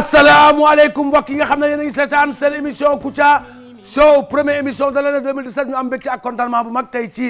asalaamualeykum mbokk yi nga xam ne yéen a ngi seetaan seen émission Kouthia show première émission de l'année 2017 ñu am mbégte ak contentement bu mag tey ci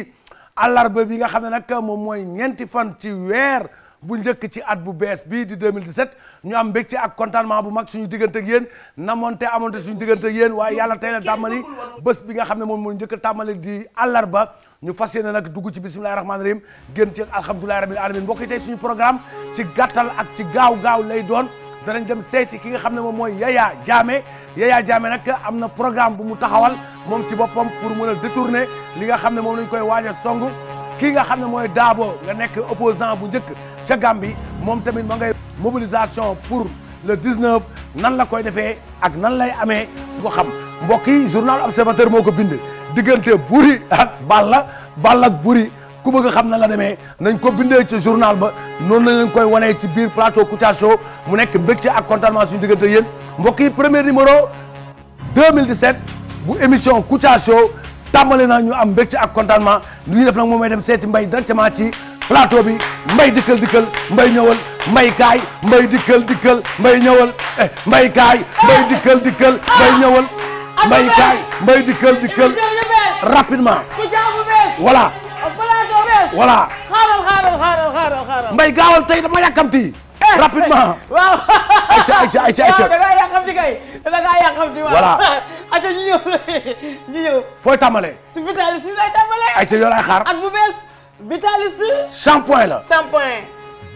àllarba bi nga xam ne nag moom mooy ñeenti fan ci weer bu njëkk ci at bu bees bii di 2017 ñu am mbégte ak contentement bu mag suñu diggante ak yéen namonte amonte suñu diggante ak yéen waaye yàlla tey la tàmmali bés bi nga xam ne moom mooy njëkk tàmmali di àllarba ñu fas yéene nag dugg ci bisimilahi rahmaani rahim génn ci alhamdulilahi rabil alamin mbokk yi tey suñu programme ci gàttal ak ci gaaw lay doon danañ dem seeti ki nga xam ne moom mooy Yaya Jammeh Yaya Jammeh nag am na programme bu mu taxawal moom ci boppam pour mën a détourner li nga xam ne moom lañ koy waaj a song ki nga xam ne mooy Dabo nga nekk opposant bu njëkk ca Gambie moom tamit moo ngay mobilisation pour le 19 nan la koy defee ak nan lay amee du xam mbokk yi journal observateur moo ko bind diggante Buri ak Balla Balla ak Buri ku bëgg xam na la demee nañ ko bindee ci journal ba noonu nañ leen koy wanee ci biir plateau Kouthia Show mu nekk mbégte ak contentement suñu diggante yéen mbokk yi premier numéro 2017 bu émission Kouthia Show tàmbale na ñu am mbégte ak contentement du ñuy def na moom mooy dem seeti mbay directement ci plateau bi mbay dikkal dikkal mbay ñëwal mbay kaay mbay dikkal dikkal mbay ñëwal eh, mbay kaay mbay dikkal dikkal mbay ñëwal ah, ah, mbay ah, kaay mbay dikkal dikkal rapidement voilà voilà xaaral xaaral xaaral xaaral xaaral mbay gaawal tey dama yàkkamti eh, eh. rapidement waaw ayca ayca ayca ayca da ngaa yàkkamti kay da ngaa yàkkamti waaw voilà ayca ñu ñëw ñu ñëw fooy tàmbalee si vitaliste bi lay tàmbalee ayca yoo lay xaar at bu bees vitaliste shampoing la shampoing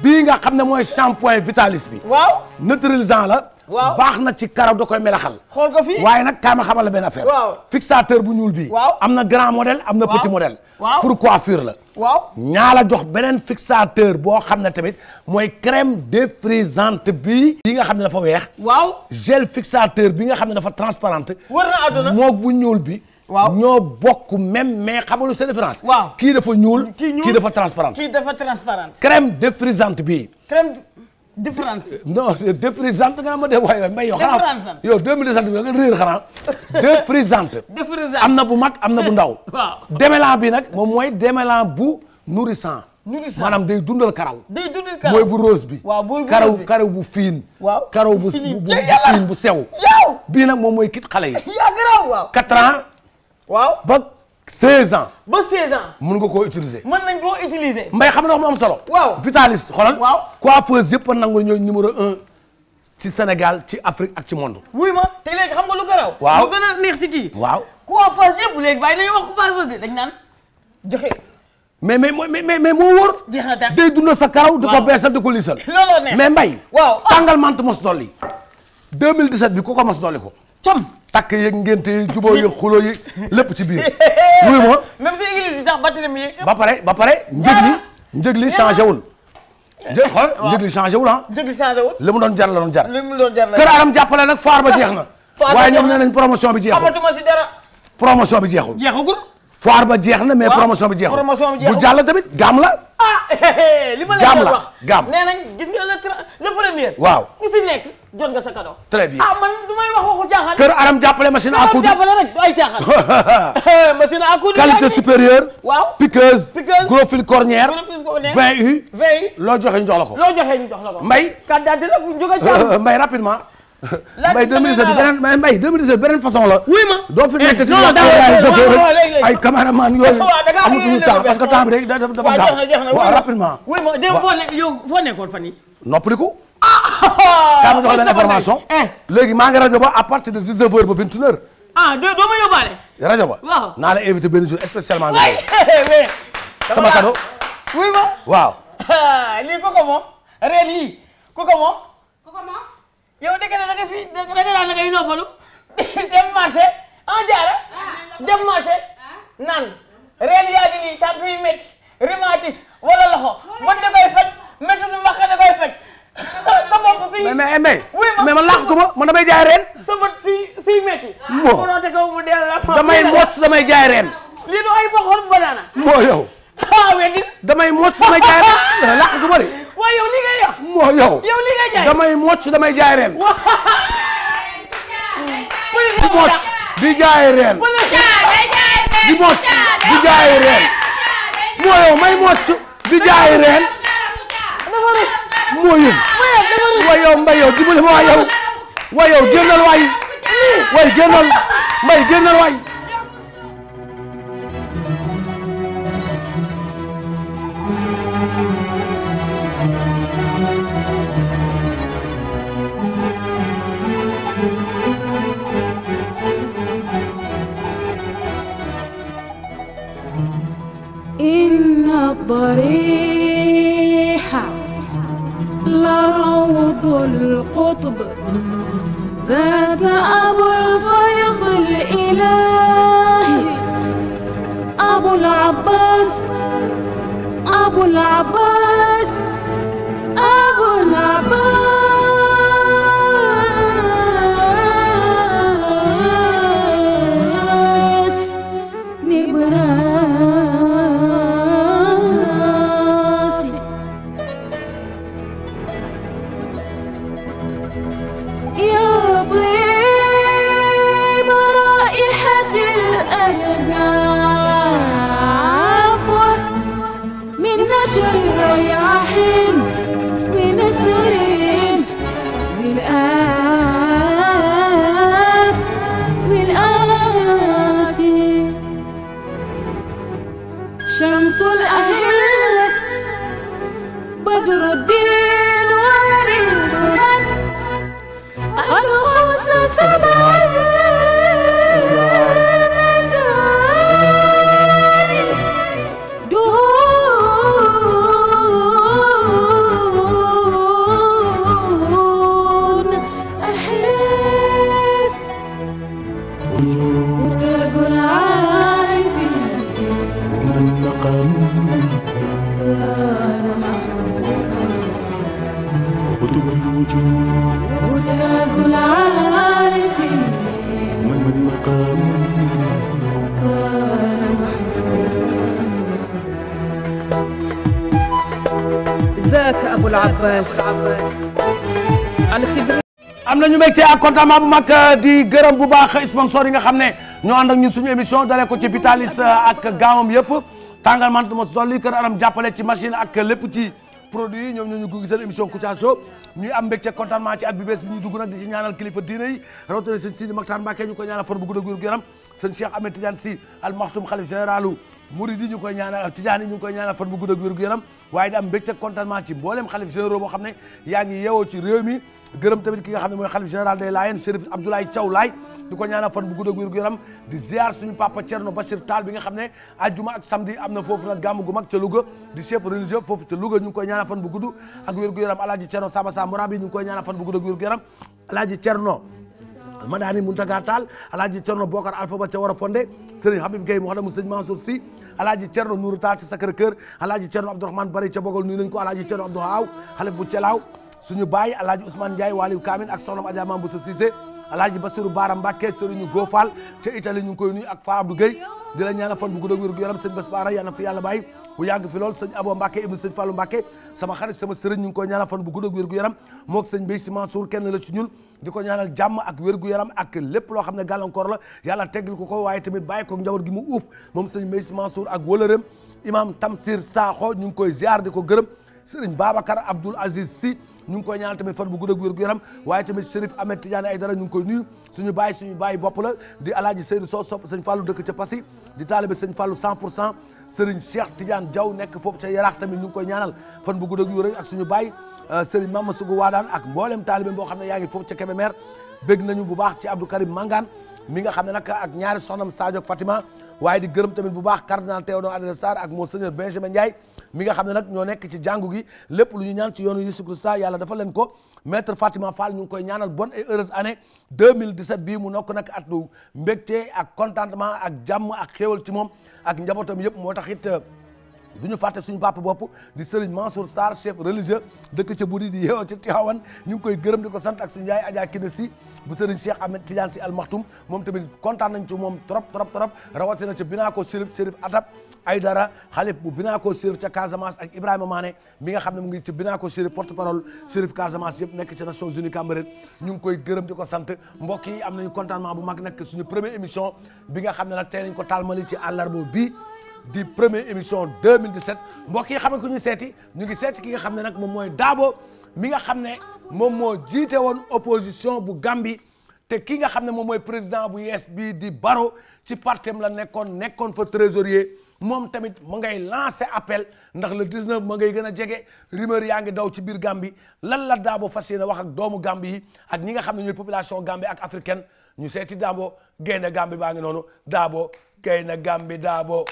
bii nga xam ne mooy shampoing vitaliste bi waaw neutralisant la waaw baax na ci karaw da melaxal. xool ko waaye nag kaama xamal la benn affaire. waaw fixateur bu ñuul bi waaw am na grand modèle am na petit modèle. waaw pour coiffure la. waaw ñaa la jox beneen fixateur boo xam ne tamit mooy crème défrisante bi. yi nga xam ne dafa weex. waaw gel fixateur bi nga xam ne dafa transparente. war na àdduna moog bu ñuul bi. waaw ñoo bokk même mais xamalu seen différence. waaw kii dafa ñuul kii dafa transparente. kii dafa transparente. crème défrisante bi. différence. non défrisante nga ne ma def waay waay mbay yow. xanaa yow deux mille cent bi na bu mag am na bu ndaw. waaw démêlant bi nag moom mooy démêlant bu nourrissant. nourrissant maanaam day dundal karaw. day dundal karaw bu rose bi. waaw mooy bu karaw karaw bu fiin. waaw karaw bu fiin bu sew. yow bii nag moom mooy kit xale yi. yaa garaaw waaw. 16 ans. ba 16 ans. mën nga ko utiliser. mën nañ koo utiliser. mbay xam na wax mu am solo. waaw vitaliste xoolal. waaw coiffeuse yëpp a nangu ñooy numéro un ci Sénégal ci Afrique ak ci monde. wuy ma te léegi xam nga lu garaw. waaw lu gën si waaw coiffeuse yëpp léegi bàyyi nañu wax coiffeuse dañ naan joxe. mais mais mais moo wóor. jeex na sa karaw. di ko beesal di ko liisal. looloo neex mais mbay. waaw tàngal mante mos dolli. 2017 bi ku ko mos dolli ko. cam takk yeeg ngénte yi jubóo yi xuloo yi lépp ci biir wuyu ma même si église yi sax baptême yi ba pare ba pare njëg li ah. njëg li changé wul jë xool njëg li changé wul ah mu doon jar jar li mu doon jar la kër aram jàppale nag faar ba jeex na waaye ñoom nee nañ promotion bi jeexul amatuma si dara promotion bi jeexul jeexagul foire ba jeex na mais promotion bi jeexul bu jàll tamit gaam la. ah li ma la wax gaam nee nañ gis nga le le premier. waaw ku si nekk jot nga sa cadeau. très bien ah man du may wax waxu caaxaan. kër Aram jàppale machine à coudre jàppale rek ay caaxaan. machine cornière. gros fil loo joxe ñu jox la ko. loo joxe ñu jox la ko. Mbaye. kàddaa dina jóge Mbay rapidement. mbay 2017 beneen mais mbay 2017 beneen façon la. wuy ma doo fi eh, nekk non ay cameraman yooyu amatuñu temps rapidement. wuy ma démb foo ne yow foo nekkoon fan yii. noppaliku. Ah, kaa eh. rajo ba à de 19h ba 21h. ah doo doo ma yóbbaale. rajo ba naa la invité benn jour spécialement. oui eh, sama cadeau. wuy ma waaw. lii ku ko moom. ren yii yow dëgg la da nga fi da nga daan da ngay noppalu dem marché en ah, jaara dem marché naan reen yaa ngi nii tànk yu métti rhumatis wala loxo mën da koy faj métti lu mbaq da koy faj sa bopp suy mais mais mais man laaxatu ma man damay jaay reen sa bët suy damay mocc damay jaay reen lii du ay boxoon banaana moo yow ah weddin damay damay jaay reen laaxatu ma de waaw yow li ngay yàq. moo yow yow li ngay jaay damay mocc damay jaay reen. di mocc di jaay reen. di mocc di jaay reen. moo yow may mocc di jaay reen. moo yëg. waaw yow mbay yow dimbali ma waa yow. waa yow génnal waay. waay génnal mbay génnal waay. ضريحة لروض القطب ذات أبو الفيض الإلهي أبو العباس أبو العباس أبو العباس voilà maa bu mag euh, di gërëm bu baax sponsor yi nga xam ne ñoo ànd ak ñun suñu émission dalee ko ci Vitalis euh, ak gaamam yëpp tàngal man mos dolli kër aram jàppale ci machine ak lépp ci produit yi ñoom ñoo ñu ko gisal émission Kouthia ñuy am ci at bi bees bi ñu dugg nag di ci ñaanal kilifa diine yi rawatina sëñ Sidi Mokhtar Mbacké ñu ko ñaanal fan bu gudd ak wér gu yaram sëñ Cheikh Ahmed Tidiane Al Maktoum xalif généralu murid yi ñu ko koy ñaanal koy ñaanal fan bu gudd ak wér gu yaram waaye di am mbégte contentement ci mboolem xalif généraux boo xam ne yaa ngi yeewoo ci réew mi gërëm tamit ki nga xam ne mooy xalif général des Layènes Chérif Abdoulaye Thiaw Laye di ko ñaanal fan bu gudd ak gu yaram di ziar suñu papa Thierno Bachir bi nga xam ne ajjuma ak samedi am na foofu nag gu mag ca Louga di chef religieux foofu ca Louga ñu ngi koy ñaana fan bu gudd ak wér gu yaram alaaji Thierno Samba Sa Mourab yi ñu ngi koy ñaanal fan bu gudd ak wér Madani Muntaga Tall alaaji Cerno Bokar Alpha ba ca war a Habib Gueye mu wax mu Serigne Mansour Sy alaaji Cerno Nourou Tall ci Sacré Cœur alaaji Cerno Abdourahmane Bari ca Bogol nuyu nañ ko Cerno Abdou Haaw xale bu Celaaw suñu baay alaaji Ousmane Ndiaye Waliou Kamine ak soxnam Adja Mame Bousso Cissé alaaji Bassirou Bara Mbacké Serigne Gofal ca Italie ñu ngi ak Fa Abdou Gueye di la ñaanal fan bu gudd ak wér gu yaram seen bés baara yàlla na fi yàlla bàyyi bu yàgg fi lool sëñ Abo Mbacke ibnu sëñ Fallou Mbacke sama xarit sama sëriñ ñu ngi koy ñaanal fan bu gudd ak wér kenn ñun ko ñaanal jàmm ak gu yaram ak lépp loo xam ne gàllankoor la yàlla teggil ko ko waaye tamit bàyyi ko njaboot gi mu moom sëñ Bay Si ñu ngi koy ziar di ko gërëm sëriñ Babacar Abdoul Aziz Sy ñu ngi koy ñaanal tamit fan bu waaye tamit Chérif Ahmed Tidiane Aïdara ñu ngi koy nuyu suñu bàyyi suñu bàyyi bopp la di alaaji Seydou Sow sopp sëñ Fallou pour 100 Serigne Cheikh Tidiane jaw nekk foofu ca Yaraax tamit ñu ngi koy ñaanal fan bu gudd ak yu rëy ak suñu baay euh, Serigne Mama Sugu Waadaan ak mboolem taalibe boo xam ne yaa ngi foofu ca Kébémer bëgg nañu bu baax ci Abdou Karim mangaan mi nga xam ne nag ak ñaari soxnam Sadio Fatima waaye di gërëm tamit bu baax cardinal Théodore Adrien Sarr ak monseigneur Benjamin Ndiaye mi nga xam ne nag ñoo nekk ci jàngu gi lépp lu ñu ñaan ci yoonu Yesu Christa yàlla dafa leen ko maître Fatima Fall ñu ngi koy ñaanal bonne et heureuse année 2017 bii mu nokk nag at lu ak contentement ak jàmm ak xéewal ci moom ak njabootam yëpp moo tax it euh, du ñu fàtte suñu papa bopp di Serigne Mansour Sarr chef religieux dëkk ca Budi di yeewoo ci Tivaouane ñu ngi koy gërëm di ko sant ak suñu yaay Adja Kine si bu Serigne Cheikh Ahmed Tidiane si Al Maktoum moom tamit kontaan nañ ci moom trop trop trop rawatina ca Binaako Chérif Chérif ay dara xalif bu Binaako Chérif ca Casamance ak Ibrahima Mané mi nga xam ne mu ngi ci Binaako Chérif porte parole Chérif Casamance yëpp nekk ci Nations Unies Cameroun ñu ngi koy gërëm di ko sant mbokk yi am nañu contentement bu mag nag suñu première émission bi nga xam ne nag tey nañ ko talmali ci àllarba bi di première émission 2017 mbokk yi xam nga ku ñu seeti ñu ngi seeti ki nga xam ne nag moom mooy Dabo mi nga xam ne moom moo jiite woon opposition bu Gambie te ki nga xam ne moom mooy président bu yees bii di Barrow ci partem la nekkoon nekkoon fa trésorier moom tamit mu ngay lancé appel ndax le 19 ma ngay gën a jege rumeur yaa ngi daw ci biir Gambie lan la Dabo fas yéene wax ak doomu Gambie yi ak ñi nga xam ne ñooy population Gambie ak africaine ñu seeti Dabo gaynde Gambie baa ngi noonu Dabo gay na gambi daabo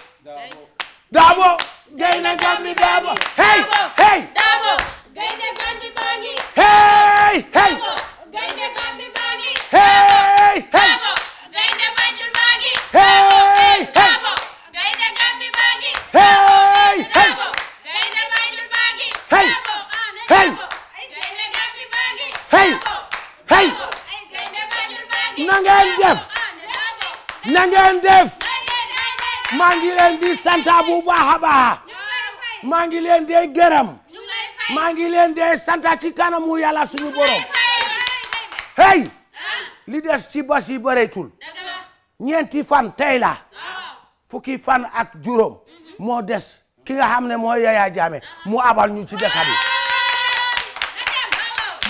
daabo gay na gambi daabo hey hey daabo gay na gambi bangi hey hey gay na gambi bangi hey hey gay na banjul bangi hey hey gay na gambi bangi hey hey gay na banjul bangi hey hey gay na gambi bangi hey hey gay na banjul bangi na ngeen def na ngeen def maa ngi leen di santa bu baax a baax maa ngi leen di gërëm maa ngi leen di santa ci kanamu yàlla suñu borom hey li des ci bas yi bëreetul ñeenti fan tey la fukki fan ak juróom moo des ki nga xam ne mooy Yaya Jammeh mu abal ñu ci dëkk bi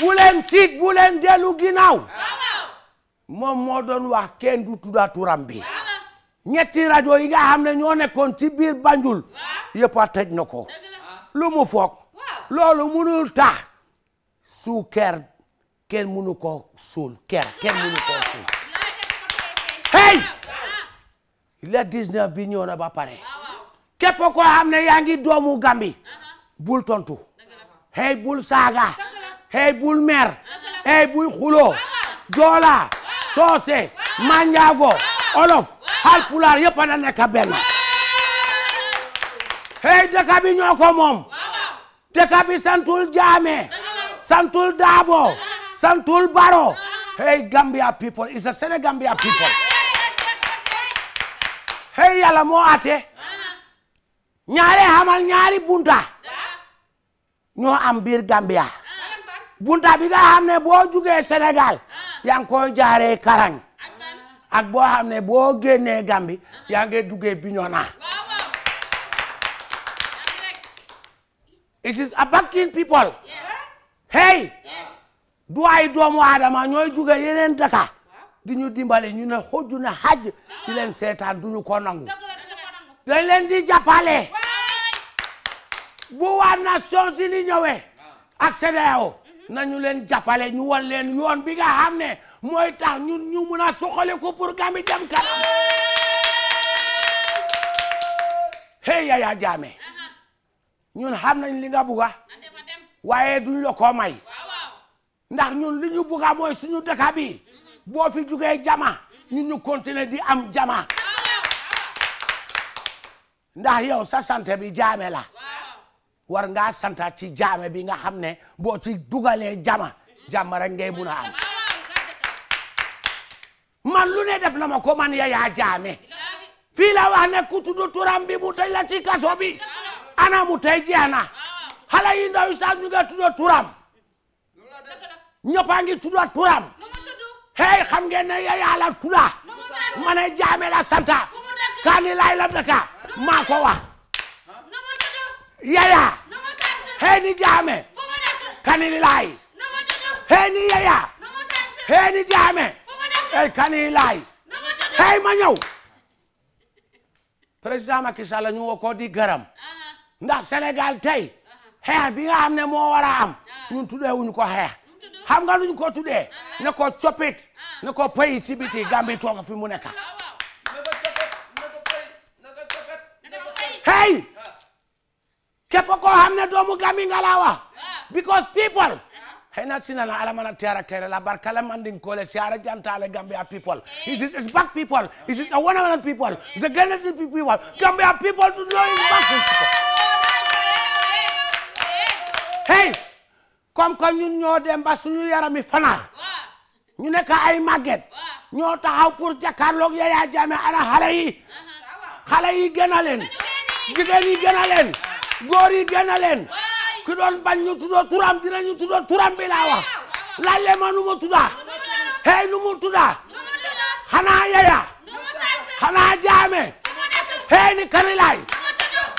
bu leen tiit bu leen dellu ginnaaw moom moo doon wax kenn du tudda turam bi ñetti rajo yi nga xam ne ñoo nekkoon ci biir Banjul yëpp a tëj na ko lu mu foog loolu mënul tax su ker kenn mënu ko suul ker kenn mënu ko suul hey la 19 bi ñëw na ba pare képp koo xam ne yaa ngi doomu Gambi bul tontu hey bul saaga hey bul mer hey bul xulo joola soose manjaago olof xaal pulaar yëpp a na nekk benn hey dëkk ñoo ko moom dëkk santul jaame santul daabo santul baro hey Gambia people is a Senegambia people hey yàlla ate ñaari xamal ñaari bunta ñoo am biir bunta bi nga xam boo jugee Sénégal yaa ngi koy jaaree Karang ak boo xam ne boo génnee Gambie yaa ngi duggee Bignona. it is Abakin people. yes hey. doomu aadama ñooy jóge yeneen daka. di ñu dimbale ñu ne xoju na xaj di seetaan du ñu ko nangu. dañ leen di jàppale. bu waa nation si ni ñëwee. ak CEDEAO mm-hmm. nañu leen jàppale ñu wan leen yoon bi nga xam mooy tax ñun ñu mun a soxale ko pour Gàmbi jëm kanam hey Yaya Jammeh uh-huh. ñun xam nañ li nga buga waaye duñ la ko may ndax ñun li ñu buga mooy suñu dëkk bi mm-hmm. boo fi jugee jama mm-hmm. ñu ñu continuer di am jama ndax yow sa sant bi jaame la war ngaa santa ci jaame bi nga xam ne boo ci dugalee jama mm-hmm. jàmm rek ngay mun a am man lu ne def na ma ko man Yaya Jammeh fii la wax ne ku tudd turam bi mu tëj la ci kaso bi ana mu tey jeex na xale yi yi sax ñu ngi tudd turam ñëpp a turam hey xam ne Yaya la tudda ma ne Jammeh la santa kaani laay la dëkka maa ko wax Yaya hey ni Jammeh kaani laay hey ni Yaya hey ni Jammeh ey kani laay hey ma ñëw président Macky Sall ñu ko di garam nda senegal tey xeex bi nga xam ne moo war a am ñun tuddee wuñ ko xeex xam nga luñ ko tuddee ne ko coppit ne ko pay ci biti Gambie toog fi mu nekk hey képp koo xam ne doomu Gambie nga laa wax because people hena sinana alamana tiara kere la barkala mandin kole Hey. It is ñun ñoo dem ba suñu yaram yi fanaax ñu nekk ay màgget ñoo taxaw pour jàkkaarloog Yaya Jammeh ana xale yi xale yi gën a leen jigéen ki doon bañ ñu tuddoo turam dinañu tuddoo turam bi laa wax laaj leen ma nu mu tuddaa hey nu mu tuddaa xanaa yaya xanaa jaame hey ni kanilaay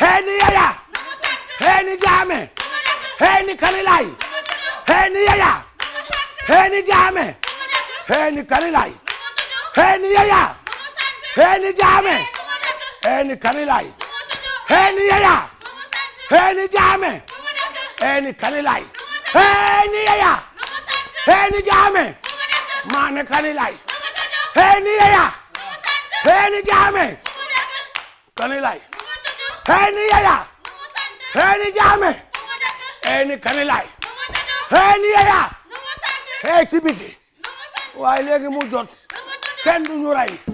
hey ni yaya hey ni jaame hey ni kanilaay hey ni yaya hey ni jaame hey ni kanilaay hey ni yaya hey ni jaame hey ni kanilaay hey ni yaya hey ni jaame eeni kanilay eeni yeya eeni jaame maane kanilay eeni yeya eeni jaame kanilay eeni yeya eeni jaame eeni kanilay eeni yeya ee ci biti waaye léegi mu jot kenn du ñu rey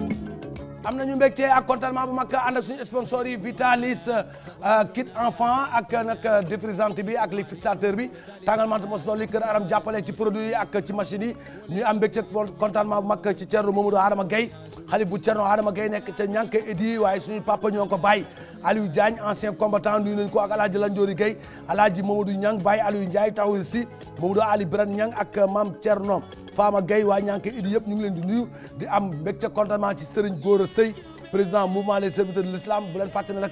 am nañu mbégte ak contentement bu mag ànd ak suñu sponsor yi Vitalis euh, kit enfant ak nag défrisante bi ak li fixateur bi tàngal mante mos dolli kër aram jàppale ci produit yi ak ci machine yi ñuy am mbégte contentement bu mag ci Thierno Mamadou Adama Gueye xalif bu Thierno Adama Gueye nekk ca ñànk édi waaye suñu papa ñoo ko bàyyi Aliou Diagne ancien combattant nuyu nañ ko ak Alaaji Lanjoori Gueye Alaaji Mamadou Niang bàyyi Aliou Ndiaye taxawil si Mamadou Ali Birane Niang ak Mame Thierno Fama Gueye waa ñànk idi yëpp ñu ngi leen di nuyu di am mbégte contentement ci Serigne Gora Seye président mouvement les serviteurs de l'islam bu leen fàtte ne nag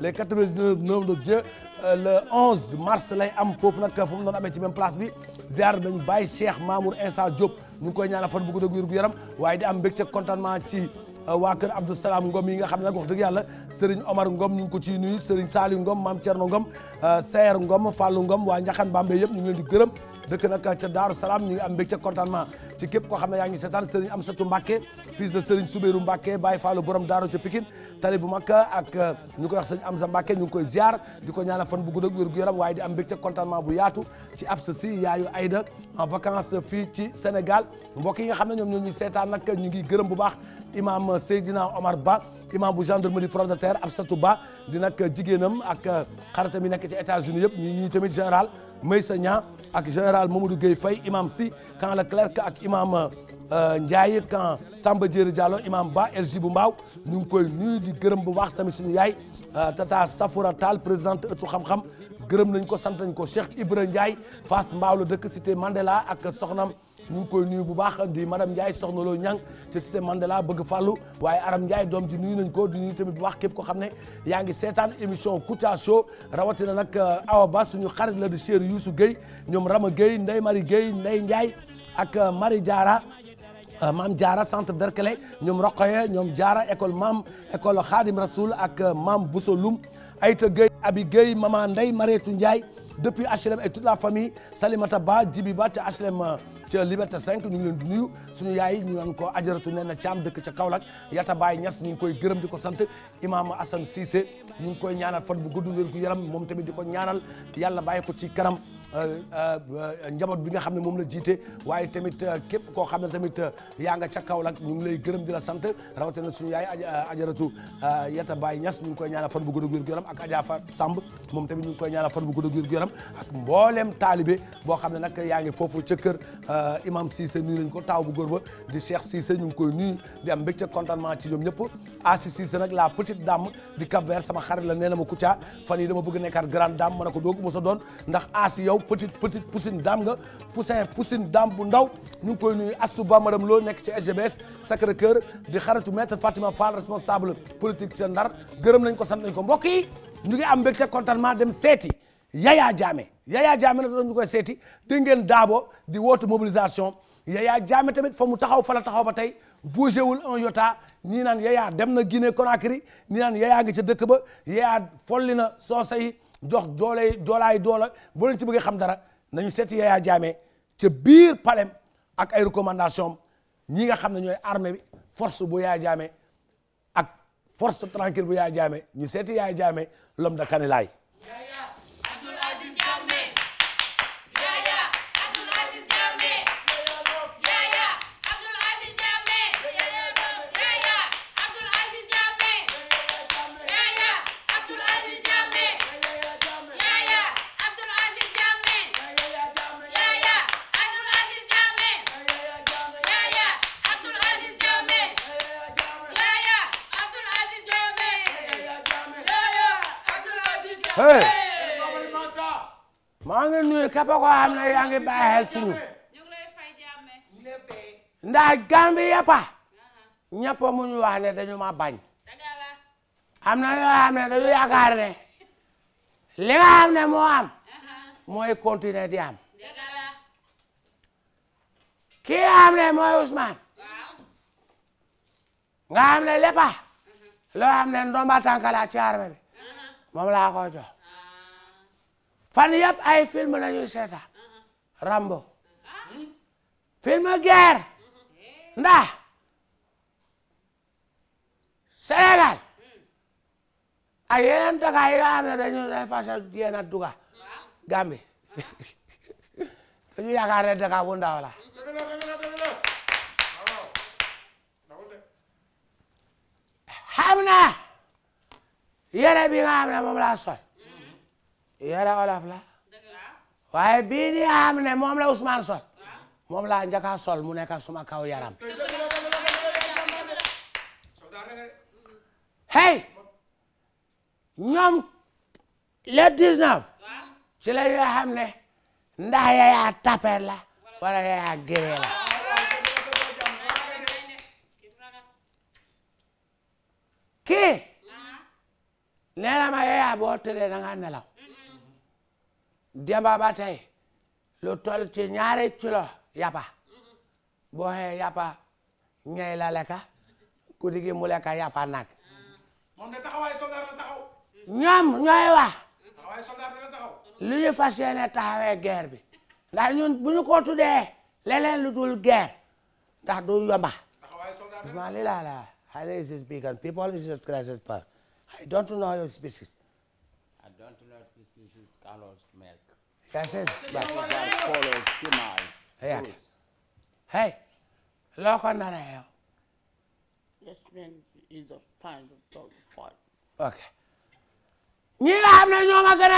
les 99 noms de Dieu euh, le 11 mars lay am foofu nag fu mu doon amee ci même place bi ziar nañu Baye Cheikh Mamour Insa Diop ñu ngi koy ñaanal fan bu gudd ak wér yaram waaye di am mbégte contentement ci euh, waa kër Abdou Salam yi nga xam na nag wax dëgg yàlla Serigne Omar Ngom ñu ngi ko ci nuyu Serigne Saliou Ngom Mame Thierno Ngom euh, Seer Ngom Fallou Ngom waa Njaxan Bambey yëpp ñu ngi leen di gërëm dëkk nag ca Daaru Salaam ñu ngi am mbégte contentement ci képp ko xam ne yaa ngi seetaan Serigne Amsatou Mbacké fils de Serigne Soubérou Mbacké Baye Fallou borom Daaru ca Pikine tali bu mag ak euh, ñu koy wax Serigne Amsa Mbacké ñu ngi koy ziar di ko ñaanal fan bu gudd ak wér gu yaram waaye di am mbégte contentement bu yaatu ci ab si yaayu Aïda en vacances fii ci Sénégal mbokk yi nga xam ne ñoom ñoo ñuy seetaan nag ñu ngi gërëm bu baax imam Seydina Omar Ba imam bu gendarmerie front de terre Amsatou Ba di nag jigéenam ak euh, xaritam yi nekk ci États-Unis yëpp ñu ñuy tamit général Meysa Niang ak général Mamadou Gueye Faye imam Sy camp Leclerc ak imam euh, Ndiaye camp Samba Diéry Diallo imam Ba El bu Mbaaw ñu ngi koy nuyu di gërëm bu baax tamit suñu yaay euh, tata Safoura Tall présidente ëttu xam-xam gërëm nañ ko sant nañ ko Cheikh Ibra Ndiaye Fass Mbaaw la dëkk cité Mandela ak soxnam ñu ngi koy nuyu bu baax di madame Ndiaye soxna loo ñang te cité Mandela bëgg fàllu waaye Aram Ndiaye doom ji nuyu nañ ko di nuyu tamit bu baax képp ko xam ne yaa ngi seetaan émission Kouthia Show rawatina nag euh, Awa Ba suñu xarit la di chéri Youssou Guèye ñoom Rama Guèye nday Marie Guèye Ndeye Ndiaye ak euh, Marie Diarra euh, maam Diarra centre Derklé ñoom Roqoye ñoom jaara école maam école Khadim Rasoul ak maam Bousso Loum Aïta Guèye Abi Guèye maman Ndeye Marietou Ndiaye depuis HLM et toute la famille Salimata Ba Djibi Ba ca ca Liberté 5 ñu ngi leen di nuyu suñu yaay ñu naan ko ajaratu nee na Thiam dëkk ca Kaolack Yata Baye Niass ñu ngi koy gërëm di ko sant Imam Assane Cissé ñu ngi koy ñaanal fan bu gudd wér gu yaram moom tamit di ko ñaanal yàlla bàyyi ko ci kanam Euh, euh, njaboot bi nga xam ne moom la jiite waaye tamit euh, képp koo xam ne tamit yaa nga ca Kaolack ñu ngi lay gërëm di la sant rawatina suñu yaay ajaratu Yata baay Niass ñu ngi koy ñaanal fan bu gudd ak wér gu yaram ak Adja Fa moom tamit ñu koy ñaanal fan bu gudd ak wér gu yaram boo xam ne nag yaa ngi foofu ca kër imam Cissé nuyu lañ ko taaw bu góor ba di Cheikh Cissé ñu ngi koy nuyu di am ca contentement ci ñoom ñëpp Asi Cissé nag la petite dame di Cap Vert sama xarit la nee na ma Kouthia fan yi dama bëgg nekkaat grande dame ma ne ko doogu mo sa doon ndax Asi yow petite petite poussine daam nga poussin poussine daam bu ndaw ñu ngi koy nuyu Astou Ba madame Lo nekk ci SGBS Sacré Cœur di xaritu maître Fatima Fall responsable politique ca Ndar gërëm nañ ko sant nañ ko mbokk yi ñu ngi am mbégte contentement dem seeti Yaya Jammeh Yaya Jammeh la doon ñu seeti di ngeen daabo di woote mobilisation Yaya Jammeh tamit fa mu taxaw fa la taxaw ba tey bougé wul un yota ñii naan Yaya dem na Guinée Conakry ñii naan Yaya ngi ca dëkk ba Yaya folli na soose yi jox doolay doolaay doola boo leen ci bëggee xam dara nañu seeti Yaya Jammeh ca biir palem ak ay recommandation ñi nga xam ne ñooy armée bi force bu Yaya Jammeh ak force tranquille bu Yaya Jammeh ñu seeti Yaya Jammeh l'homme de Kanilai képp koo xam ne yaa ngi bàyyi xel ci ñu ndax Gàmbi yëpp ñëpp mu ñu wax ne dañu ma bañ am na ñoo xam ne dañu yaakaar ne li nga ne moo am mooy continuer di am kii nga xam ne mooy Ousmane nga xam ne lépp loo xam ne ndomba tànk la ci arme bi moom laa ko jox fan yëpp ay film la ñuy seetaan Rambo film guerre ndax Sénégal ak yeneen dëkk yi nga xam ne dañuy dañuy fas yéene dugg Gambie dañuy yaakaar ne dëkk bu ndaw la xam na yére bi nga xam ne moom laa sol yére olof la waaye bii ni ne moom la Ousmane sol moom laa njëkk sol mu nekk suma kaw yaram hey ñoom le 19 ci la yoo ne ndax yaya tapet la wala yaya géré la kii nee na ma yaya boo tëddee nelaw démba ba tey lu toll ci ñaari kilo yàppa boo xee yàppa ñey la lekka guddi gi mu lekka yàppa nag moom de taxawaay soldaar la taxaw ñoom ñooy wax taxawaay soldaar bi ndax ñun bu ñu ko tuddee leneen lu dul guerre ndax du yomba ma li laa la highly is is just crisis but I don't know your species I don't know your species That's Hei, loo ko nar a yow.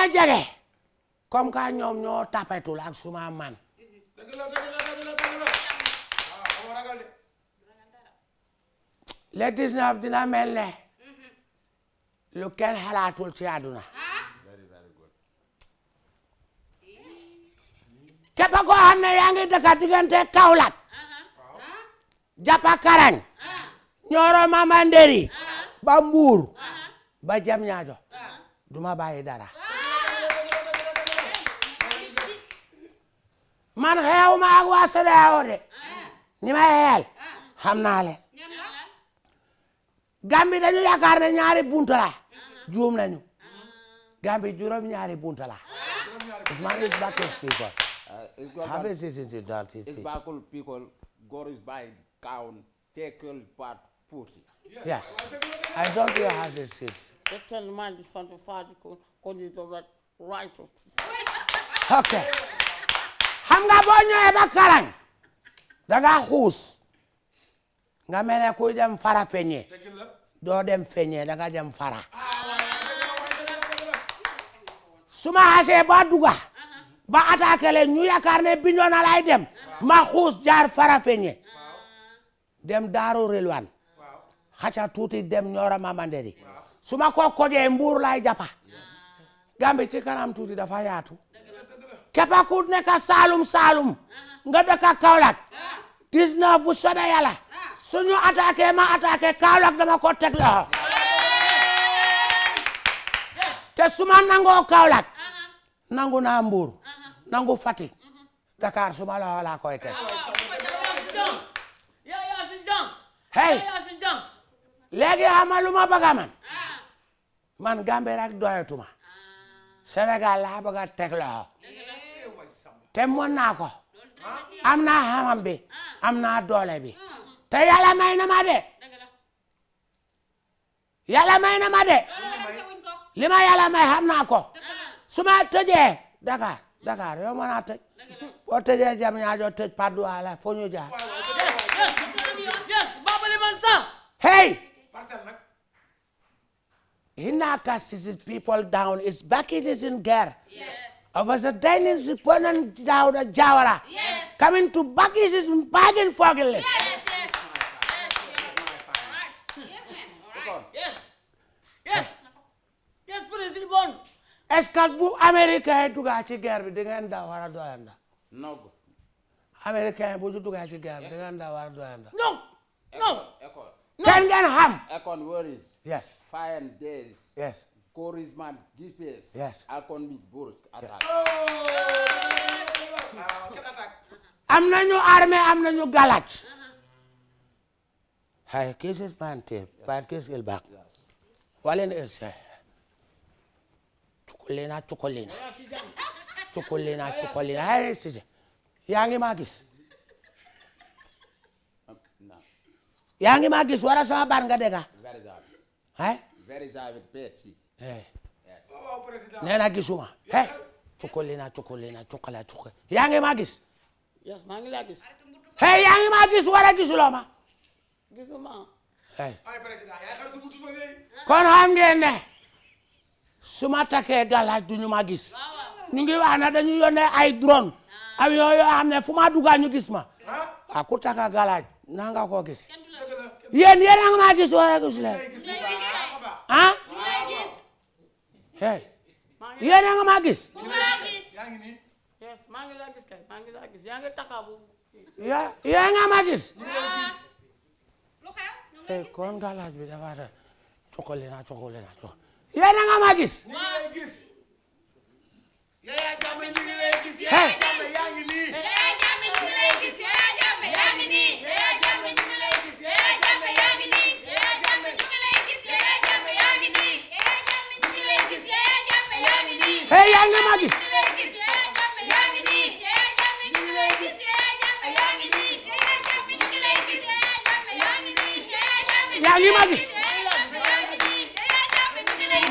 jege. comme que ñoom ñoo tapetul ak suma man. Ah, le 19 dina mel ne. lu kenn xalaatul ci àdduna. Ah. képp koo xam ne yaa ngi dëkk diggante Kaolack uh-huh. Japa Karañ uh-huh. Nioro Mamandéri uh-huh. ba Mbuur ba Diamniadio duma bàyyi dara man xeew ma ak waa CEDEAO de ni ma xeel xam naa leen Gambie dañu yaakaar ne ñaari buntu la juum nañu Gambie juróom ñaari buntu la Ousmane is back to speak have a xam nga boo ñëwee ba karang da nga xuus nga mel ne kuy dem fara feñe doo dem feñe da nga dem fara ah, suma xasee ba duga ba attaqué leen ñu yaakaar ne Bignona laay dem ma xuus jaar Farafeñe dem Daaru Relwan xaca tuuti dem Nioro Mamanderi su ma ko kojee Mbuur laay jàppa Gàmbi ci kanam tuuti dafa yaatu képp ku nekk Saalum Saalum nga dëkk Kaolack 19 bu soobee yàlla suñu attaqué ma attaqué Kaolack dama ko teg loxo te su nangoo Kaolack nangu naa Mbuur nangu Fatick Dakar suma la la koy teg ah, hey léegi xama lu ma bëgg man ah. man Gambie rek doyatuma ah. Sénégal laa bëgg a teg loxo eh, te mën naa ko am naa xamam bi am naa doole bi te yàlla may na ma de yàlla may na ma de li ma may xam naa ko su ma tëjee Dakar Dakar yow mën naa tëj boo tëjee jam ñaajoo tëj Patte d'Oie jaar hey Hinaka sees people down is backing is in gear yes Obasadini is Bonan Dawda Jawara yes coming to back is bargain for yes yes est-ce que bu américain yi duggaa ci guerre bi di ngeen daa war yi bu ñu duggaa ci guerre bi di ngeen daa war a doyanda. non non. école école. ngeen oh. am nañu armée am nañu galac. man te par case il baax. cukkulina cukkulina cukkulina cukkulina ay yaa ngi maa gis yaa ngi maa gis wara sama baat nga dégg ah nee na gisuma eh cukkulina cukkulina cukkala cukkala yaa ngi maa gis maa ngi laa gis hey yaa ngi maa gis wara gisuloo ma gisuma kon xam ngeen ne su ma takkee galaaj du ñu ma gis ñu ngi wax ne dañu yónnee ay drone ah. avion yoo xam ne fu ma duggaa ñu gis ma waaw ah. ah, takka galaaj naa nga gis yéen yéen a nga maa gis wala gis leen ah hey yéen a nga maa gis maa ngi laa gis gis yaa ngi takka bu yéen nga ma gis kon galaaj bi dafa da cokole na cokole na cokole yéen da nga maa gis. Yaya Jammeh ñu ngi ngi nii. Yaya Jammeh ñu ngi ngi nii.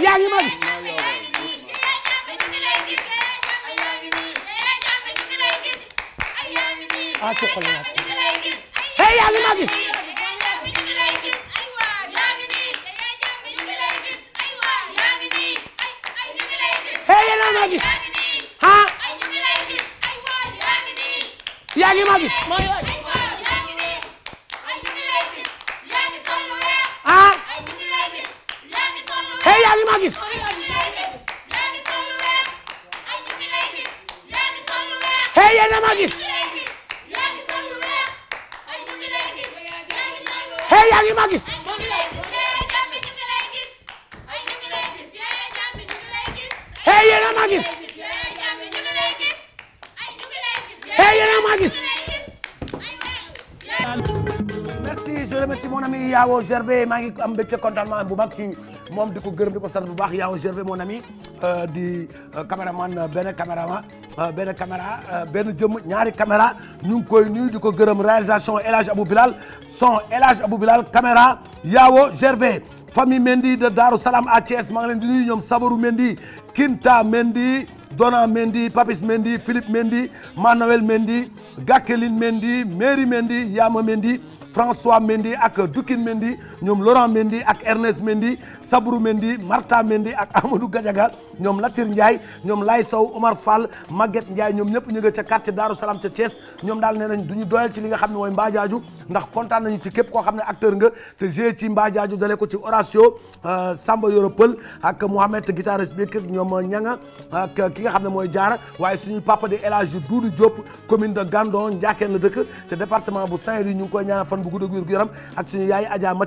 yaa ngi mag a ah, cuqal na hey yaa ngi mag hey yaa ngi mag ha yaa ngi mag Yao maa ngi am mbégte contentement bu mag ci moom di ko gërëm di ko sant bu baax Yao Gervais mon ami euh, di euh, caméraman euh, benn caméraman benn caméra benn jëm ñaari caméra ñu ngi koy nuyu di ko gërëm réalisation El Hadj Abou Bilal son El Hadj Bilal caméra Yao Gervais famille Mendy de Darou Salam à di nuyu ñoom Sabarou Mendy Kinta Mendy Dona Mendy Papis Mendy Philippe Mendy Manoël Mendy Gakeline Mendy Mary Mendy Yama Mendy François Mendy ak Dukin Mendy ñoom Laurent Mendy ak Ernest Mendy Sabrou Mendy Marta Mendy ak Amadou Gadiaga ñoom Latir Ndiaye ñoom Lay Sow Omar Fall magget Ndiaye ñoom ñëpp ñu nga ca quartier Daaru Salaam ca Thiès ñoom daal nee nañ du ñu doyal ci li nga xam ne mooy mbaajaaju ndax kontaan nañu ci képp koo xam ne acteur nga te joué ci mbaajaaju ko ci Horatio euh, Samba Yoro Pël ak Mohamed guitariste bi ñoom ñanga ak ki nga xam ne mooy jaar waaye suñu papa di El Hadji Doudou commune de Gandon Ndiakeen la dëkk ca département bu Saint-Louis ñu ngi koy ñaanal fan bu gudd ak wér gu yaram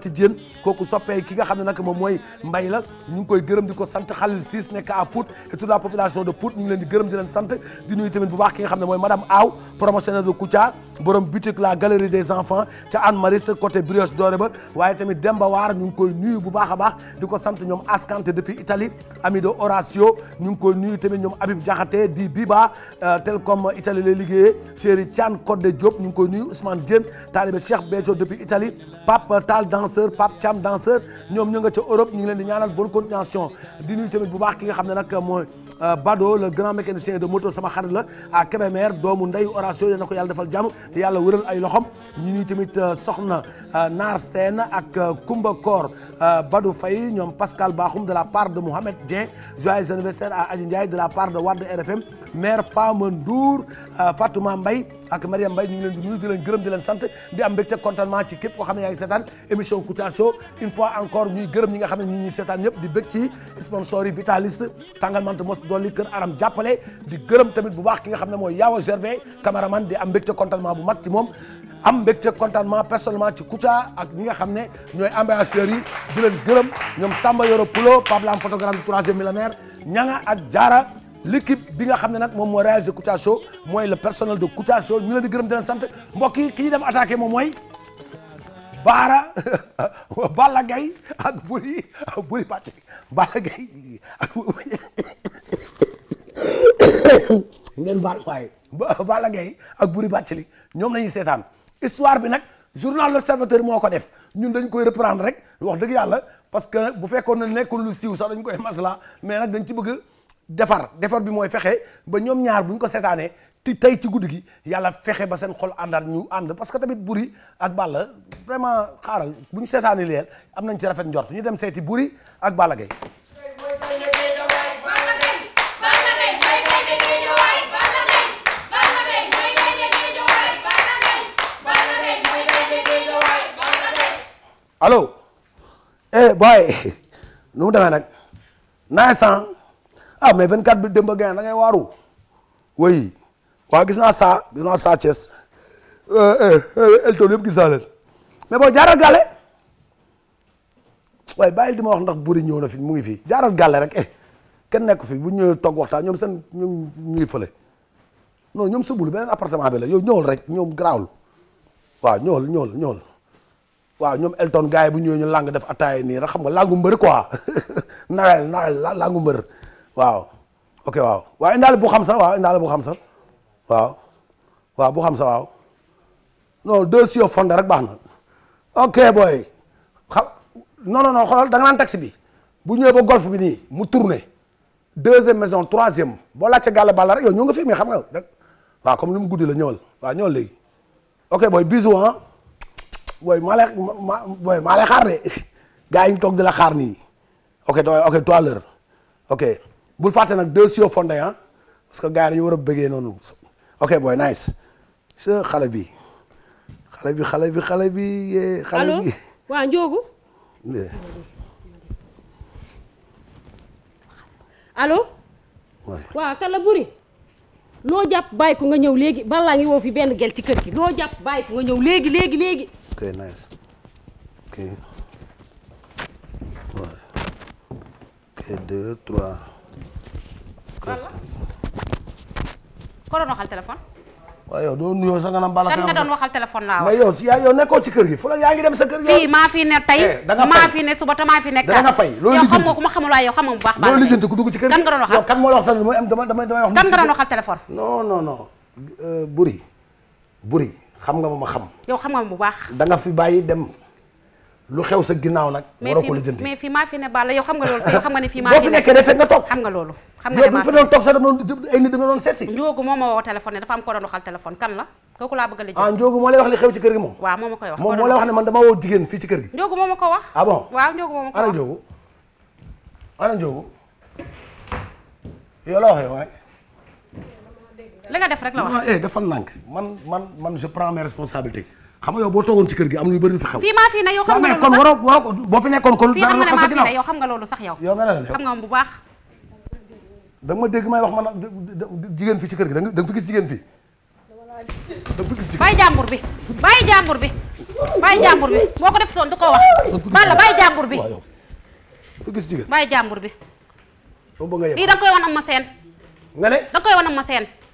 soppee ki nga xam ne nag moom mooy mbay la ñu ngi koy gërëm di ko sant Khalil Ciss nekk à Pout et toute la population de Pout ñu ngi leen di gërëm di leen sant di nuyu tamit bu baax ki nga xam ne mooy madame Aw promotionnaire de Kouthia borom boutique la galerie des enfants ca Anne Marie sa côté brioche doré ba waaye tamit Demba Waar ñu ngi koy nuyu bu baax a baax di ko sant ñoom Askante depuis itali ami de Horacio ñu ngi koy nuyu tamit ñoom Habib Diakhaté di Biba euh, tel comme Italie lay liggéeyee chéri Thian Codé Diop ñu ngi koy nuyu Ousmane Diène taalibe Cheikh Béthio depuis Italie Pape Tall danseur Pape Thiam danseur ñoom ñu nga ca Europe ñu ngi leen di ñaanal bonne continuation di nuyu tamit bu baax ki nga xam ne nag mooy euh, Bado le grand mécanicien de moto sama xarit la à Kébémer doomu ndeyu Horatio yéen na ko yàlla defal jàmm te yàlla wëral ay loxom ñu nuyu tamit euh, soxna euh, Naar Seen ak Kumba Koor Euh, Badou Faye ñoom Pascal Bakhoum de la part de Mohamed Dieng joyeux anniversaire à Adji de la part de Wade RFM mère Fama Ndour euh, Fatouma Mbaye ak Mariam Mbaye ñu ngi leen gërëm di leen sant di am mbégte contentement ci képp koo xam ne yaa ngi seetaan émission Kouthia fois encore ñuy gërëm ñi nga xam ne ñu ñuy seetaan ñëpp di bég ci sponsor yi Vitaliste tàngal mante mos dolli aram jàppale di gërëm tamit bu baax ki nga xam ne mooy Yawa Gervais cameraman di am mbégte contentement bu mag ci moom am mbégte contentement personnellement ci Kouthia ak ñi nga xam ne ñooy ambassadeurs yi di gërëm ñoom tamba Yoro Poulo Pape Lam photographe du troisième millénaire ak jaara l'équipe bi nga xam ne nag moom moo réalisé Kouthia Show mooy le personnel de Kouthia Show ñu leen di gërëm di leen sant mbokk yi ki ñu dem attaqué moom mooy Baara Balla Gaye ak Buri Buri Pathé Balla Gaye ak ngeen ak Buri Pathé li ñoom la ñuy seetaan histoire bi nag journal l'observateur moo ko def ñun dañ koy reprendre rek wax dëgg yàlla parce que bu fekkoon ne nekkul lu siiw sax dañ koy masla mais nag dañ ci bëgg defar defar bi mooy fexe ba ñoom ñaar bu ñu ko seetaanee ti tey ci guddi gi yàlla fexe ba seen xol àndaat ñu ànd parce que tamit buri ak Balla vraiment xaaral bu ñu seetaanee leel am nañ ci rafet njor njort ñu dem seeti buri ak Balla Gaye allo eh boy nu mu demee nag nice ah mais 24 bi démb gain da ngay waaru oui waaw gis naa saa gis naa saa Thiès euh, euh, euh, Elton yëpp gis naa leen mais bon jaaral gàlle waaye bàyyil di ma wax ndax buri ñëw na fi mu ngi fi jaaral gàlle rek eh kenn nekk fi bu ñëwee togg waxtaan ñoom seen ñoom ñuy fële non ñoom subulu beneen appartement bi la yow ñëwul rek ñoom garaawul waaw ñëwul ñëwul ñëwul waaw ñoom Elton gars yi bu ñëwee ñu làng def ataaya nii rek xam nga làngu mbër quoi nawel nawel làngu mbër waaw ok waaw waaw bu xam sa waaw indaale bu xam sa waaw bu xam sa waaw non deux sio fonde rek baax na ok booy xam non non non xoolal da taxi bi bu ñëwee ba golf bi nii mu tourné deuxième maison troisième boo laajte gàll bàlla rek yow ñoo nga fi mais xam nga waaw comme lu mu guddi la ñëwal waaw ñëwal léegi ok booy bisou ah booy maa ma booy xaar de gars yi ñu toog di la xaar nii ok doy ok toi l'heure ok bul fàtte nag deux siyo fonde ah parce que gars yi dañu war a bëggee noonu ok booy nice sa xale bi xale bi xale bi xale bi yee. Eh, xale bi waa Ndiogu. allo. waay waaw Talla Buri loo jàpp bàyyi ko nga ñëw léegi balaa ngi woo fi benn gel ci kër gi loo jàpp bàyyi ko nga ñëw léegi léegi léegi. Okay, nice. Okay. Ouais. Ok, deux, trois. Voilà. Ko doon waxal téléphone. waaw yow kan nga doon waxal téléphone laa wax. yow nekkoo ci kër gi fu la yaa ngi dem sa kër. yow fii maa fi ne tey. Eh, da nga fay maa fi ne suba maa fi nekk. da nga fay loo lijjanti yow xam nga ku xam nga bu baax. baax loolu lijjanti ku dugg ci kër gi kan nga doon waxal yow kan moo la sax damay damay damay wax. kan nga doon waxal téléphone. non non non. Euh, Buri Buri. xam nga ma ma xam. yow xam nga ma bu baax. da nga fi bàyyi dem lu xew sa ginnaaw nag. waroo ko la jënd mais fii maa fi ne Balla yow xam nga loolu yow xam nga ne fii maa. boo fi nekkee rafet nga toog xam nga loolu. xam nga ne maa fi doon toog sax da ay nit da nga doon seesi. Ndiogu moo ma woo téléphone ne dafa am ko doon waxal téléphone kan la kooku laa bëgg a la jënd. ah Ndiogu moo lay wax li xew ci kër gi moom. waaw moo ma koy wax moom moo lay wax ne man dama woo jigéen fii ci kër gi. Ndiogu moo ma ko wax. ah bon waaw Ndiogu moo ma ko wax ana Ndiogu ana Ndiogu yow la wax yow li nga def rek la wax eh dafa nànk man man man je prends mes xam nga yow boo toogoon ci kër gi am na bëri lu fi xew. fii maa fii ne yow xam nga loolu kon waroo boo fi nekkoon kon. dara la xas a ginnaaw fii xam xam nga loolu sax yow. yow nga ne la xam nga moom bu may wax man jigéen fii ci kër gi da nga fi gis jigéen fi gis jigéen jàmbur bi bàyyi jàmbur bi bàyyi jàmbur bi boo ko def toon du ko wax. bala bàyyi jàmbur bi waaw gis jigéen. bàyyi jàmbur bi. moom ba nga yem wan am ma seen. nga ne wan am ma seen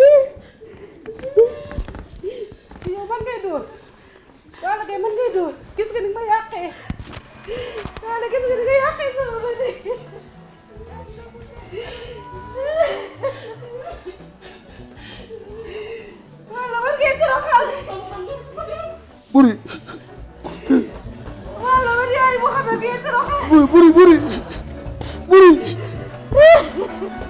yow man ngay dóor yàlla de man ngay dóor gis nga ni ma yàqee yàlla gis nga ni nga yàqee sama bët yi yàlla war ngeen gën a xaal buri yàlla man yaay Mouhamed ngeen gën a xaal buri buri buri buri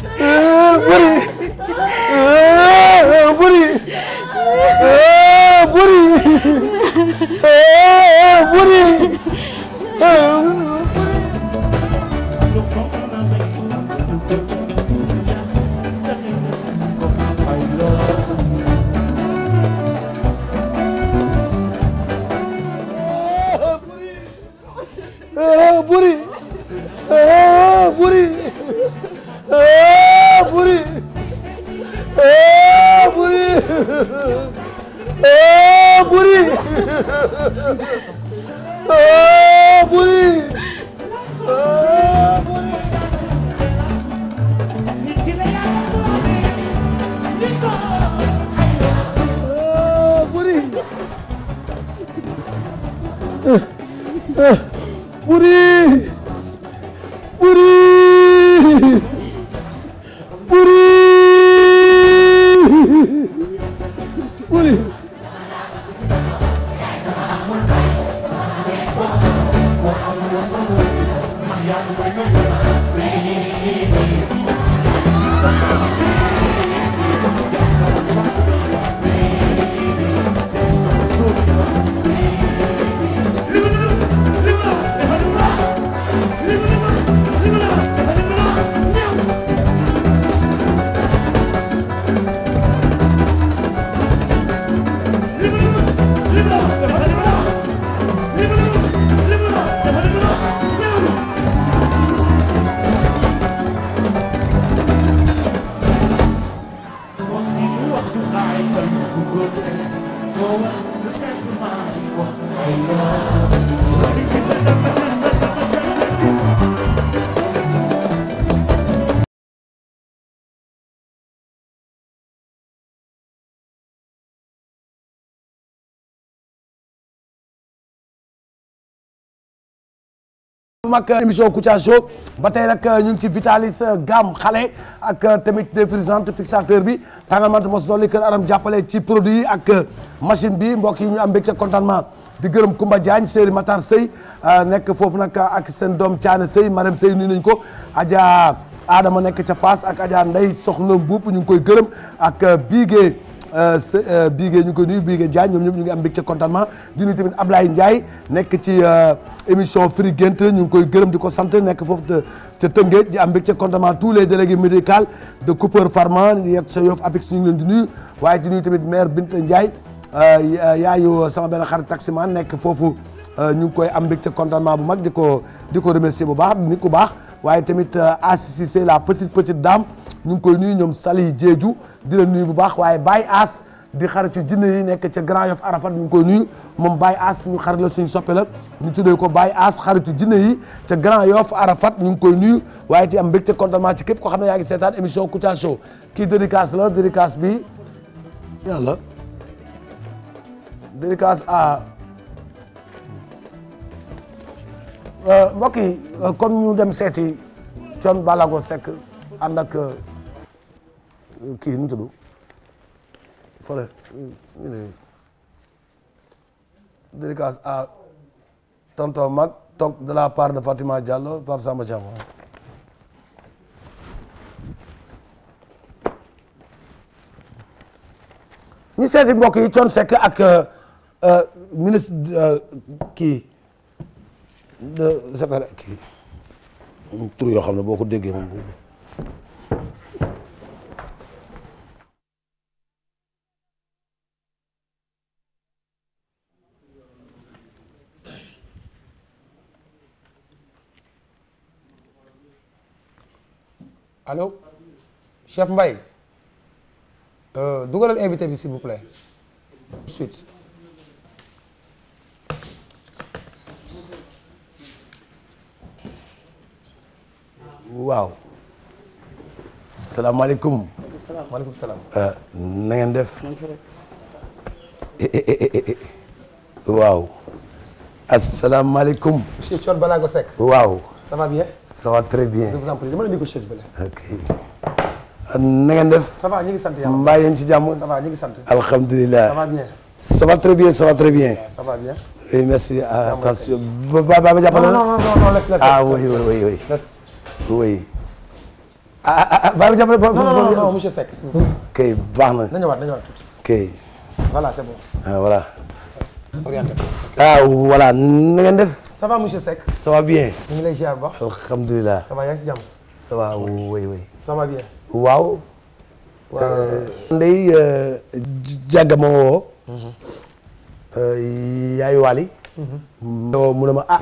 Buri Buri Buri Buri Buri 爱过。moom ak euh, émission Kouthia Show ba tey nag euh, ñu ngi ci Vitalis euh, gam xale ak tamit défrisante fixateur bi tàngal mante mos dolli kër aram jàppale ci produit ak machine bi mbokk yi ñu am mbégte contentement di gërëm Koumba Diagne Seri Matar Sey nekk foofu nag ak seen doom Thiané Sey Marème Sey nuyu nañ ko Adja Adama nekk ca fas ak Adja Ndeye Soxna Mbuup ñu ngi koy gërëm ak Bigé Euh, euh, Bigué ñu ngi ko nuyu Bigué Diagne ñoom ñëpp ñu ngi am mbégte contentement di nuyu tamit Ablaye Ndiaye nekk ci euh, émission Firi Guent ñu ngi koy gërëm di ko sant nekk foofu ca Tëngéej di am mbégte contentement tous les délégués médicaux de Cooper Pharma yeeg ca Yoff Apix ñu ngi leen di nuyu waaye di nuyu tamit maire Binta Ndiaye yaayu sama benn xarit taximan nekk foofu ñu ngi koy am mbégte contentement bu mag di ko di ko remercier bu baax nit ku baass waaye tamit Assis Cissé la petite petite dame ñu ngi koy nuyu ñoom Sali Jeeju di la nuyu bu baax waaye Baye As di xarit ci jinne yi nekk ca Grand Yoff Arafat ñu ngi koy nuyu moom Baye As suñu xarit la suñu soppeela la ñu tuddee ko Baye As xaritu jinne yi ca Grand Yoff Arafat ñu ngi koy nuyu waaye ti am mbégte contentement ci képp ko xam ne yaa ngi seetaan émission Kouthia Show kii dédicace la dédicace bi yàlla dédicace à euh, mbokk kon euh, ñu dem seeti Thione Ballago Seck ànd ak euh, kii nu mu tudd fële de la part de Fatima Diallo Pape Samba Thiam ñu seeti mbokk yi Thione ak euh, euh, ministre euh, kii de safara kii tur yoo xam ne boo ko déggee allo chef Mbaye euh, dugalal invité bi s'il vous plaît suite waaw salaamaaleykum maaleykum salaam euh, na ngeen def eh, eh, eh, waaw asalaamaaleykum. monsieur Thione Ballago Seck. waaw. ça va bien. ça va très bien. je vous en prie dama bi euh, na ngeen def. ça ñu ngi sant yàlla. mbaa ci jàmm. ça va ñu ngi sant. alhamdulilah ça va bien. ça va très bien ça va très bien. ça ah, non non non laisse laisse. ah oui oui oui. laisse. non non non monsieur Seck. ok baax na. orienté ah voilà na ngeen def. ça monsieur Seck. ça va bien. ñu ngi lay waaw. Euh, ndey euh, jàgga ma woo. Euh, yaay Waly. Mhm. woo mu ma ah.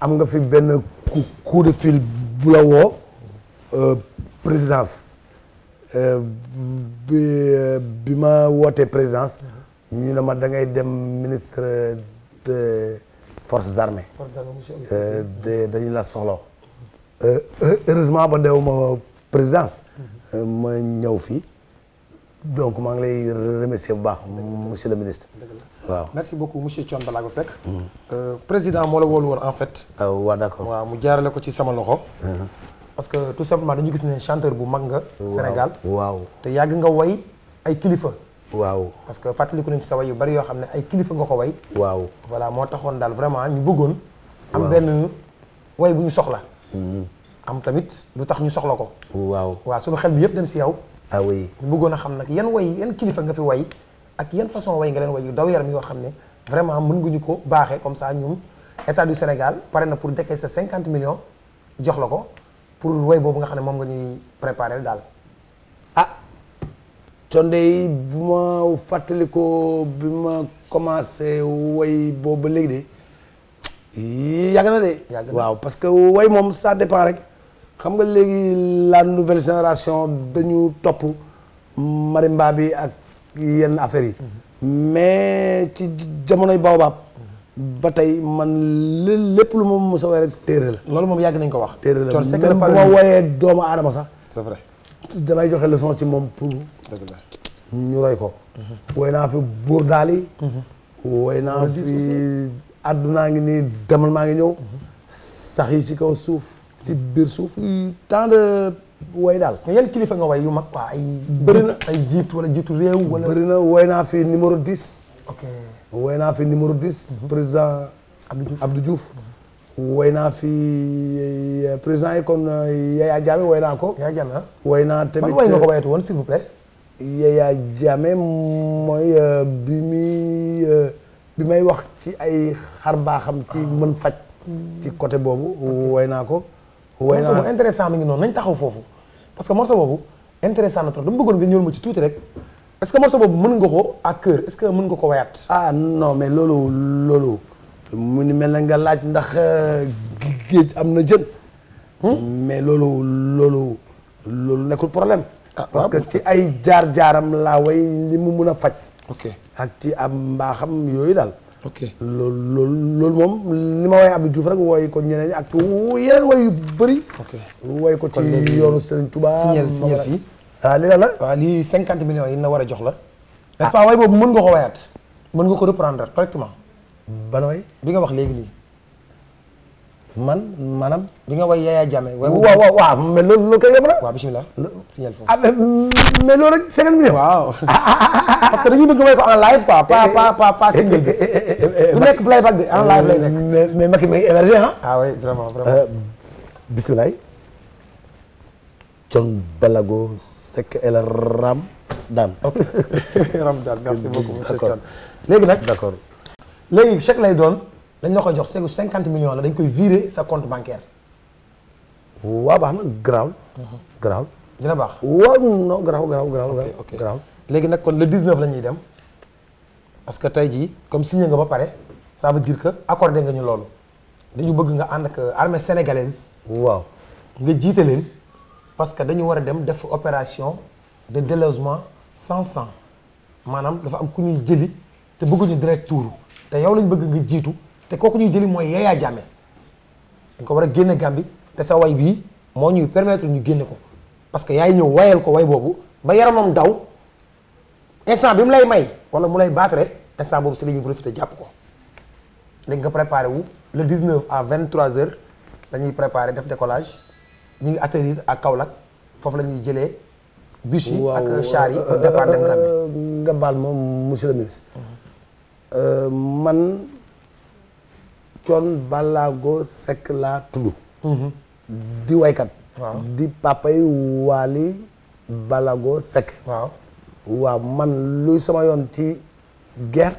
am nga fi benn coup de fil bu la woo. bi bi ma wootee présidence. ñu ne ma da ngay dem ministre de forces armées. forces armées euh, dañu la soxla. Euh, heureusement ba dew ma présidence. Euh, ma ñëw fii. donc maa ngi lay remercier bu baax monsieur le ministre. waaw merci beaucoup monsieur Thione Ballago Seck. Mm. président moo la woolu woon en fait. Ah, waaw d'accord waaw mu jaarale ko ci sama loxo. Uh-huh. parce que tout simplement dañu gis ne chanteur bu mag nga. Sénégal waaw te yàgg nga way ay kilifa. waaw parce que fàttaliku nañ ci sa way yu bari yoo xam ne ay kilifa nga ko way waaw voilà moo taxoon daal vraiment ñu bëggoon am benn way bu ñu soxla mm-hmm. am tamit lu tax ñu soxla ko waaw waa waaw suñu xel bi yëpp dem si yow ah oui ñu bëggoon a xam nag yan way yan kilifa nga fi way ak yan façon way nga leen way yu daw yaram yoo xam ne vraiment mun nga ñu ko baaxee comme ça ñun état du Sénégal pare na pour décaisser sa cinquante millions jox la ko pour way boobu nga xam ne moom nga ñuy préparer daal Condé yi bu ma fàttalikoo bi ma commencé way boobu ba léegi de yàgg na de. waaw parce que way moom ça dépend rek xam nga léegi la nouvelle génération dañu topp marimba bi ak yenn affaires yi. Mhm. mais ci jamono jamonoy baobab. ba tey man lépp lu ma mos a way rek téere la. loolu moom yàgg nañ ko wax. téere la même bu ma wooyee doomu aadama sax. c'est vrai. damay joxe leçon ci moom pour. dëgg la ñu roy ko. woy naa fi buur daali yi. woy naa fi addunaa ngi nii damal maa ngi ñëw. sax yi ci kaw suuf ci biir suuf tant de woy daal. mais yan kilifa nga way yu mag quoi ay. bëri na ay jiitu wala jiitu réew wala. bëri na woy naa fi numéro diis ok naa fi numéro 10. Mhm. président Abdou Diouf. Mhm. woy naa fi euh, président yi comme euh, Yaya Jammeh woy naa ko. Yaya Jammeh ah. woy naa tamit man woy nga ko euh, wayatu woon s'il vous plaît. Yaya Jammeh mooy euh, bi muy euh, bi may wax ci ay xar baa xam ci ah. mën faj. ci côté boobu woy naa ko. woy naa morceau intéressant mi ngi noonu nañ taxaw foofu parce que morceau boobu intéressant na trop dama bëggoon nga ñëwal ma ci tuuti rek est-ce que morceau boobu mën nga ko ak cœur est-ce que mën nga ko wayaat. ah non mais loolu loolu mu mel na nga laaj ndax euh, géej am na jën. Hmm? mais loolu loolu loolu nekkul problème. Ah, parce que ci ay jaar-jaaram laa way li mu mun a faj ok ak ci am mbaaxam yooyu daal ok loolu loolu loolu moom li ma woowee Abdou Diouf rek wooy ko ñeneen ak yeneen woy yu bëri ok wooy ko ci yoonu Serigne Touba signal signal fii waaw ah, lii la la waaw lii cinquante millions yi na war a jox la n'est-ce ah. boobu mën nga ko wayaat mën nga ko reprendre correctement ban way bi nga wax léegi nii man maanaam bi nga way Yaya Jammeh waaw waaw waaw mais loolu foofu ah mais loolu waaw parce que dañuy bëgg way ko en live quoi pas pas pas pas single bi bu eh, eh, eh, nekk playback bi en live lay nekk mais Macky may émergé ah ah oui vraiment vraiment euh, bismillah Thione Ram Daan léegi nag d'accord léegi lay doon dañ la koy jox cinquante millions la dañ koy virer sa compte bancaire. waa baax na garaaw. Mhm. garaaw dina baax. waaw non garaaw garaaw garaaw. ok léegi nag kon le 19 la ñuy dem parce que tey jii comme signé nga ba pare ça veut dire que accordé nga ñu loolu dañu bëgg nga ànd ak euh, armée sénégalaise. waaw nga jiite leen parce que dañu war a dem def opération de délogement sans cent maanaam dafa am ku ñuy jëli te bëgguñu direct tuuru te yow lañ bëgg nga jiitu. te kooku ñuy jëli mooy Yaya Jammeh dañ ko war a génne Gàmbi te sa way bii moo ñuy permettre ñu génne ko parce que yaay ñëw wayal ko way boobu ba yaramam daw instant bi mu lay may wala mu lay battre instant boobu si la ñuy profité jàpp ko léegi nga préparé wu le 19 à 23 heures dañuy préparé def décollage ñu ngi atterrir à Kaolack foofu la ñuy jëlee bus yi ak char euh, pour départ dem Gàmbi euh, nga baal moom monsieur le ministre euh, man Thione Ballago Seck laa tudd. Mhm. di waykat. di papay Waly Ballago Seck. waaw man luy sama yoon ci guerre.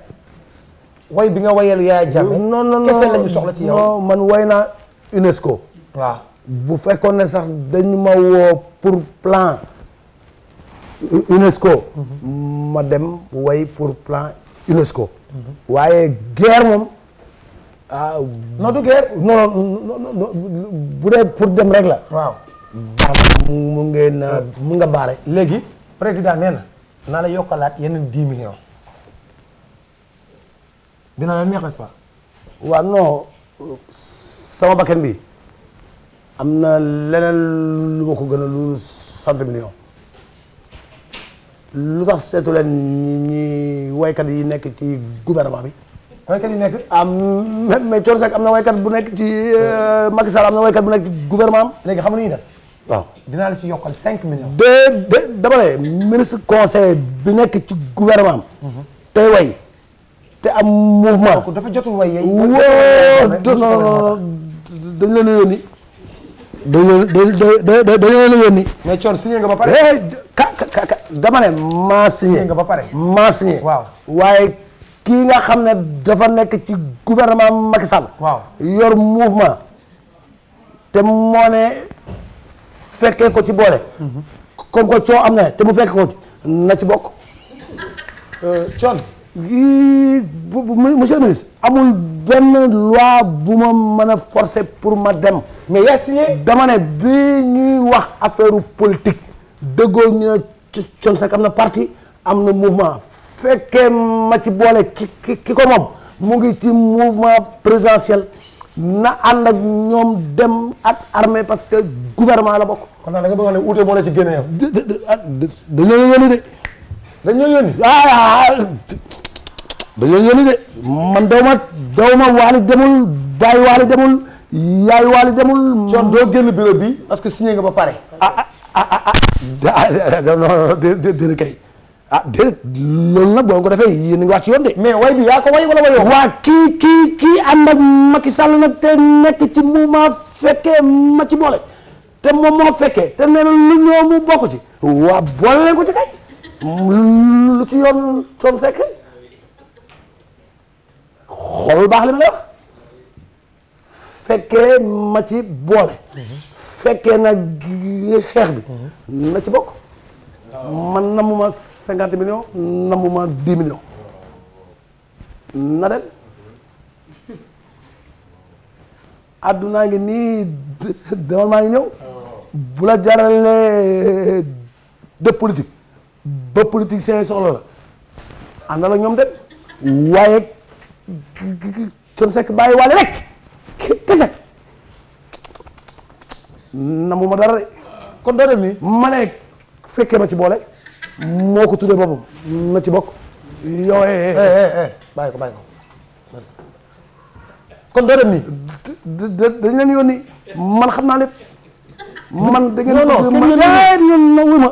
way bi nga wayal yaay Jammeh. non non non kese lañu man way naa UNESCO. waaw bu fekkoon ne sax dañu ma woo pour plan UNESCO. Mhm. ma dem way pour plan UNESCO. Mhm. waaye guerre moom. ah non du guerre. bu dee pour dem rek la. waaw. mu ngeen mu nga baare. léegi président nee naa la yokkalaat yenn dix millions. dina la neex n'est-ce pas. sama bakkan bi am na leneen lu ma ko gën a lu cent millions. lu tax seetu leen ñi waykat yi nekk ci gouvernement bi. waykat yi nekk am mais Thione Seck am na waykat bu nekk ci euh, Macky Sall am na waykat bu nekk ci gouvernement am léegi xam nga ñu def waaw dinaa si yokkal cinq millions de de dama ne ministre conseil bi nekk ci gouvernement am mhm. tey way te am mouvement a yónni dañ leen da dañ leen ba pare eh, ka ka dama ne maa signé kii nga xam ne dafa nekk ci gouvernement Macky Sall. waaw yor mouvement. te moo ne fekkee ko ci boole. comme que coo am na te mu fekk ko ci na ci bokk. Euh, Thion. monsieur le ministre amul benn loi bu ma mën a forcer pour ma dem. mais yaa signé dama ne bi ñuy wax affaire politique dëggoo ñu ne Thion Seck am na parti am na mouvement. fekkee ma ci boole ki ki ki ko moom mu ngi ci mouvement présidentiel na ànd ak ñoom dem ak armée parce que gouvernement la bokk. kon nag da nga bëgg a ne uute moo la ci génne yow. de de ah dañoo yónni de. dañoo yónni. ah, ah, ah dañoo yónni de. man daw ma daw ma waali demul bàyyi waali demul yaay waali demul. coon doo génn bureau bi parce que signé nga ba pare. ah ah ah ah. ah, ah non non déedéet kay. ah déet loolu nag boo ko defee yéen a ngi wax ci yoon mais way bi yaa ko way wala wayoo. waa kii kii kii ànd ak Macky Sall nag te nekk ci ma fekkee ma ci boole te moom moo fekkee te nee na lu ñoo mu bokk ci. waa boole leen ko ci kay lu ci yoon soom sekk xool baax li ma lay wax fekkee ma ci boole. Mhm. fekkee nag xeex bi mhm. na ci bokk. man namuma cinquante millions namuma dix millions na dem addunaa ngi nii demal maa ngi ñëw bu la jaralee de politique ba politicien soxla la àndal ñoom dem waaye Thione Seck bàyyi waale rek kese namuma dara de kon doo dem nii ma ne fekkee ma ci boole moo ko tuddee boppam na ci bokk. yow eh, eh, eh, eh kon doo dem nii. dañ leen yónni man xam naa lépp. man da ngeen. non non kenn ma wuy ma.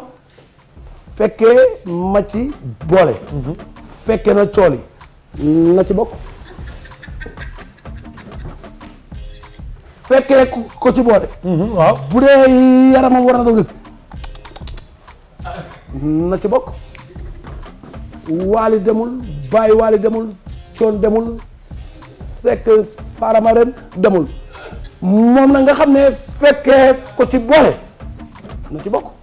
fekkee ma boole. Mhm. fekkee na cool yi na ci bokk. fekkee ko ci boole. Mhm, waaw yaram dee yaramam war na doon na ci bokk waali demul bay waali demul coon demul sekk farama ren demul moom na nga xam ne fekkee ko ci boole na ci bokk